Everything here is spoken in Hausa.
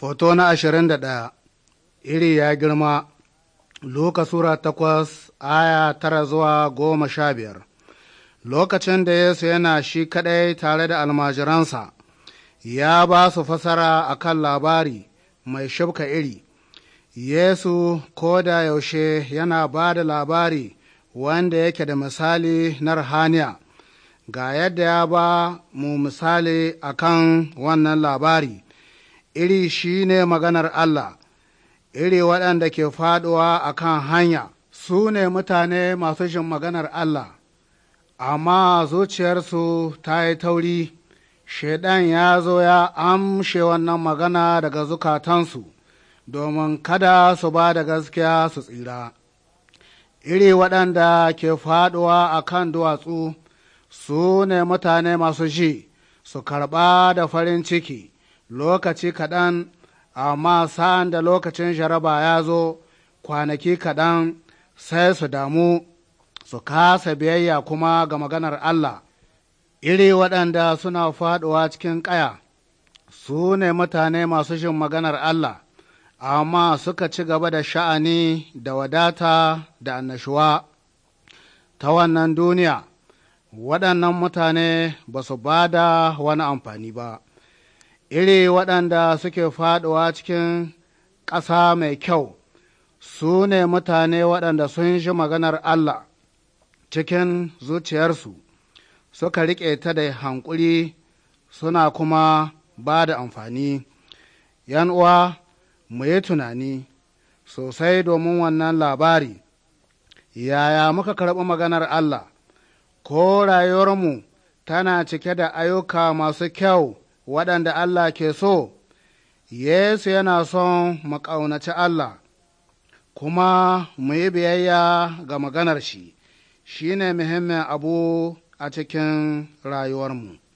Foto na ashirin da ɗaya Iri ya girma Luka Sura takwas aya tara zuwa goma sha biyar Lokacin da Yesu yana shi kaɗai tare da almajiransa, ya ba su fasara a kan labari mai shibka iri. Yesu ko da yaushe yana ba da labari wanda yake da misali na rahaniya, ga yadda ya ba mu misali a kan wannan labari. iri shi ne maganar Allah, iri waɗanda ke faɗuwa a kan hanya, su ne mutane masu jin maganar Allah, amma zuciyarsu ta yi tauri, Shaiɗan ya zo ya amshe wannan magana daga zukatansu, domin kada su ba da gaskiya su tsira. Iri waɗanda ke faɗuwa a kan duwatsu, su ne mutane masu ji, su karɓa da farin ciki. lokaci kaɗan amma sa'an da lokacin jaraba ya zo kwanaki kaɗan sai su damu su kasa biyayya kuma ga maganar Allah iri waɗanda suna faɗuwa cikin ƙaya su ne mutane masu shin maganar Allah amma suka ci gaba da sha'ani da wadata da annashuwa ta wannan duniya waɗannan mutane ba su ba da wani amfani ba. iri waɗanda suke faɗuwa cikin ƙasa mai kyau, su ne mutane waɗanda sun ji maganar Allah cikin zuciyarsu, suka riƙe ta da hankuri suna kuma ba da amfani. ‘Yan uwa, mu yi tunani sosai domin wannan labari, yaya muka karɓi maganar Allah, ko rayuwarmu tana cike da ayyuka masu kyau. waɗanda Allah ke so, Yesu yana son mu ƙaunaci Allah, kuma mu yi biyayya ga maganar shi, shi ne muhimmin abu a cikin rayuwarmu.